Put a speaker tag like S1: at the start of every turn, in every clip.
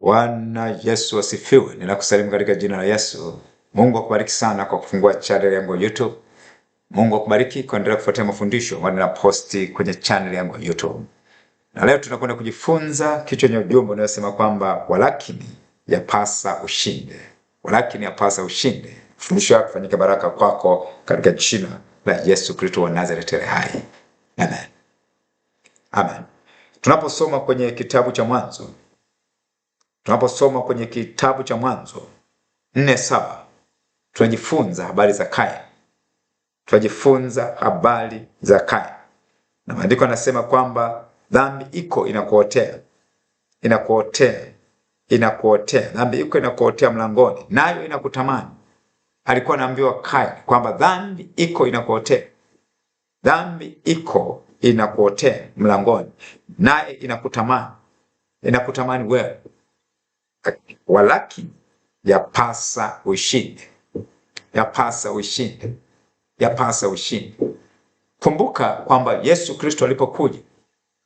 S1: Bwana Yesu asifiwe. Ninakusalimu katika jina la Yesu. Mungu akubariki sana kwa kufungua channel yangu ya YouTube. Mungu akubariki kuendelea kufuatia mafundisho ambayo ninaposti kwenye channel yangu ya YouTube. Na leo tunakwenda kujifunza kichwa cha ujumbe unayosema kwamba walakini yapasa ushinde. Walakini yapasa ushinde. Fundisho lako lifanyike baraka kwako katika jina la Yesu Kristo wa Nazareth aliye hai. Amen. Amen. Tunaposoma kwenye kitabu cha Mwanzo Tunaposoma kwenye kitabu cha Mwanzo nne saba tunajifunza habari za Kaini, tunajifunza habari za Kaini na maandiko yanasema kwamba dhambi iko inakuotea, inakuotea, inakuotea, dhambi iko inakuotea mlangoni, nayo inakutamani. Alikuwa anaambiwa Kaini kwamba dhambi iko inakuotea, dhambi iko inakuotea mlangoni, naye inakutamani, inakutamani wewe walakini yapasa ushinde, yapasa ushinde, yapasa ushinde. Kumbuka kwamba Yesu Kristo alipokuja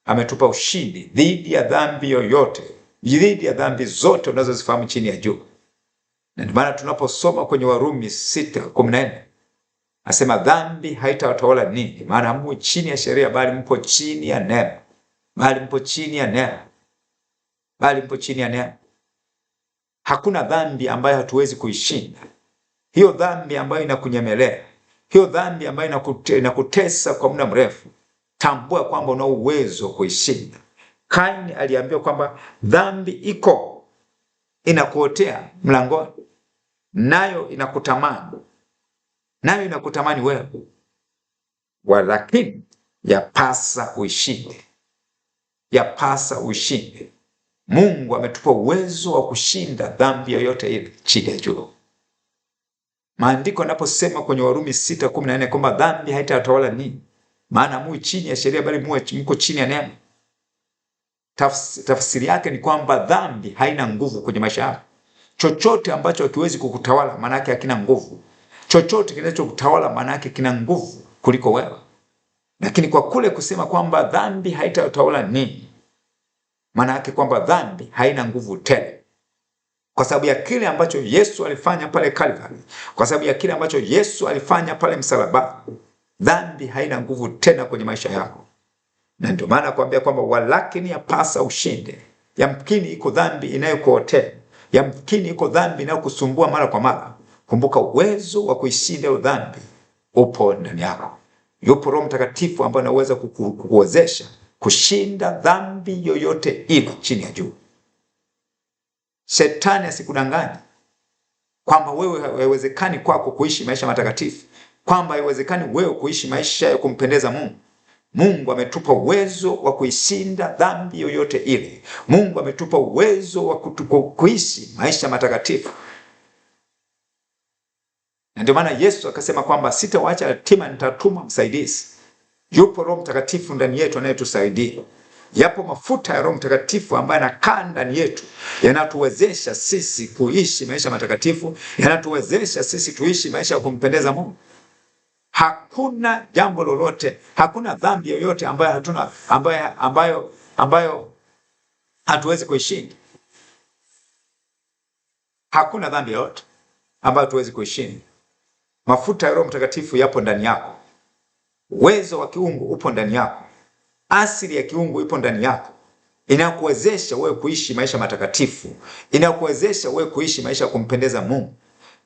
S1: ametupa ushindi dhidi ya dhambi yoyote, dhidi ya dhambi zote unazozifahamu chini ya jua. Na ndio maana tunaposoma kwenye Warumi 6:14 kumi asema dhambi haitawatawala ninyi, maana mko chini ya sheria, bali mpo chini ya neema, bali mpo chini ya neema, bali mpo chini ya neema. Hakuna dhambi ambayo hatuwezi kuishinda, hiyo dhambi ambayo inakunyemelea, hiyo dhambi ambayo inakutesa kwa muda mrefu, tambua kwamba una uwezo wa kuishinda. Kaini aliambiwa kwamba dhambi iko inakuotea mlangoni, nayo inakutamani, nayo inakutamani wewe, walakini yapasa uishinde, yapasa uishinde. Mungu ametupa uwezo wa kushinda dhambi yoyote ile chini ya jua. Maandiko yanaposema kwenye Warumi 6:14 kwamba dhambi haitatawala ninyi, maana mu chini ya sheria bali mko chini ya neema. Tafs, tafsiri yake ni kwamba dhambi haina nguvu kwenye maisha yako. Chochote ambacho hakiwezi kukutawala maana yake hakina nguvu. Chochote kinachokutawala maana yake kina nguvu kuliko wewe. Lakini kwa kule kusema kwamba dhambi haitatawala ninyi maana yake kwamba dhambi haina nguvu tele kwa sababu ya kile ambacho Yesu alifanya pale Calvary, kwa sababu ya kile ambacho Yesu alifanya pale msalaba Dhambi haina nguvu tena kwenye maisha yako, na ndio maana kuambia kwamba walakini yapasa ushinde. Yamkini iko dhambi inayokuotea, yamkini iko dhambi inayokusumbua mara kwa mara. Kumbuka uwezo wa kuishinda hiyo dhambi upo ndani yako. Yupo Roho Mtakatifu ambaye anaweza kukuwezesha kushinda dhambi yoyote ile chini ya jua. Shetani asikudanganye kwamba wewe haiwezekani kwako kuishi maisha matakatifu, kwamba haiwezekani wewe kuishi maisha ya kumpendeza Mungu. Mungu ametupa uwezo wa kuishinda dhambi yoyote ile. Mungu ametupa uwezo wa kuishi maisha matakatifu, na ndio maana Yesu akasema kwamba sitawaacha yatima, nitatuma msaidizi. Yupo Roho Mtakatifu ndani yetu anayetusaidia. Yapo mafuta ya Roho Mtakatifu ambayo yanakaa ndani yetu, yanatuwezesha sisi kuishi maisha matakatifu, yanatuwezesha sisi tuishi maisha ya kumpendeza Mungu. Hakuna jambo lolote, hakuna dhambi yoyote ambayo hatuna, ambayo, ambayo, ambayo hatuwezi kuishinda. Hakuna dhambi yoyote ambayo hatuwezi kuishinda. Mafuta ya Roho Mtakatifu yapo ndani yako. Uwezo wa kiungu upo ndani yako, asili ya kiungu ipo ndani yako, inakuwezesha wewe kuishi maisha matakatifu, inakuwezesha wewe kuishi maisha ya kumpendeza Mungu.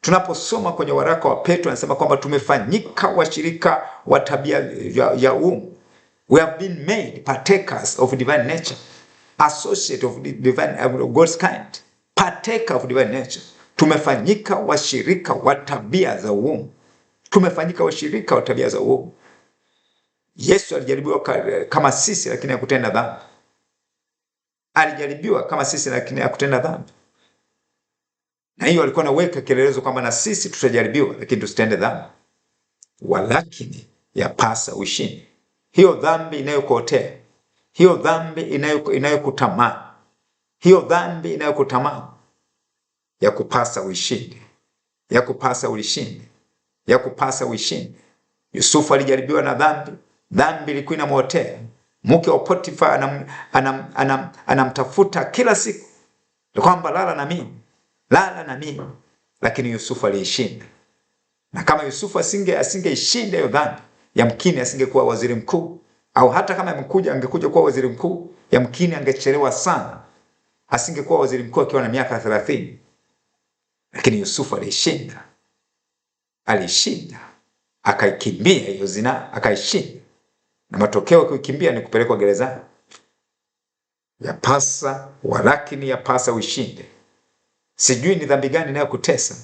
S1: Tunaposoma kwenye waraka wa Petro anasema kwamba tumefanyika washirika wa tabia ya, ya uungu. We have been made partakers of divine nature, associate of divine of God's kind, partaker of divine nature. Tumefanyika washirika wa tabia za uungu, tumefanyika washirika wa tabia za uungu. Yesu alijaribiwa kama sisi lakini hakutenda dhambi. Alijaribiwa kama sisi lakini hakutenda dhambi, na hiyo alikuwa anaweka kielelezo kwamba na sisi tutajaribiwa, lakini tusitende dhambi. Walakini yapasa ushinde, hiyo dhambi inayokuotea, hiyo dhambi inayokutamaa, hiyo dhambi inayokutamaa ya kupasa uishinde, ya kupasa uishinde, ya kupasa uishinde. Yusufu alijaribiwa na dhambi. Dhambi ilikuwa inamwotea mke wa Potifa, anam, anam, anam, anamtafuta kila siku kwamba lala na mimi, lala na mimi, lakini Yusufu aliishinda. Na kama Yusufu asinge asingeishinda hiyo dhambi, yamkini asingekuwa waziri mkuu, au hata kama amekuja angekuja kuwa waziri mkuu, yamkini angechelewa sana, asingekuwa waziri mkuu akiwa na miaka 30. Lakini Yusufu alishinda, alishinda, akaikimbia hiyo zina, akaishinda matokeo kukimbia ni kupelekwa gerezani. Yapasa walakini, yapasa ushinde. Sijui ni dhambi gani inayokutesa,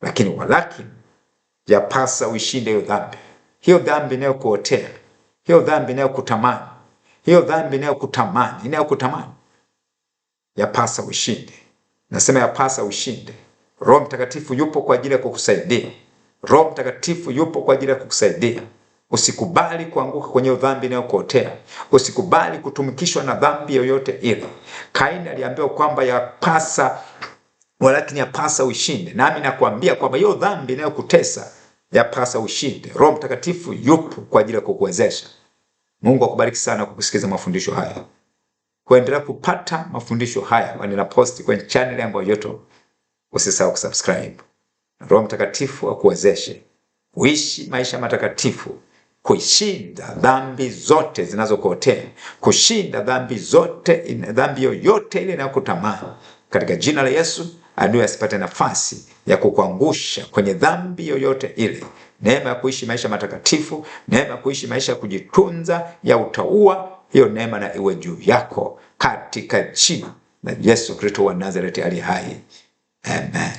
S1: lakini walakini, yapasa ushinde hiyo dhambi, hiyo dhambi inayokuotea, hiyo dhambi inayokutamani, hiyo dhambi inayokutamani, inayokutamani, yapasa ushinde. Nasema yapasa ushinde. Roho Mtakatifu yupo kwa ajili ya kukusaidia. Roho Mtakatifu yupo kwa ajili ya kukusaidia. Usikubali kuanguka kwenye dhambi inayokuotea. Usikubali kutumikishwa na dhambi yoyote ile. Kaini aliambiwa kwamba yapasa, walakini yapasa ushinde, nami nakwambia kwamba hiyo dhambi inayokutesa yapasa ushinde. Roho Mtakatifu yupo kwa ajili ya kukuwezesha. Mungu akubariki sana kwa kusikiza mafundisho haya. Kuendelea kupata mafundisho haya, ninaposti kwenye channel yangu ya YouTube. Usisahau kusubscribe. Roho Mtakatifu akuwezeshe uishi maisha matakatifu kushinda dhambi zote zinazokuotea, kushinda dhambi zote, dhambi yoyote ile inayokutamani katika jina la Yesu. Adui asipate nafasi ya kukuangusha kwenye dhambi yoyote ile. Neema ya kuishi maisha matakatifu, neema ya kuishi maisha ya kujitunza, ya utaua, hiyo neema na iwe juu yako katika jina la Yesu Kristo wa Nazareti aliye hai, amen.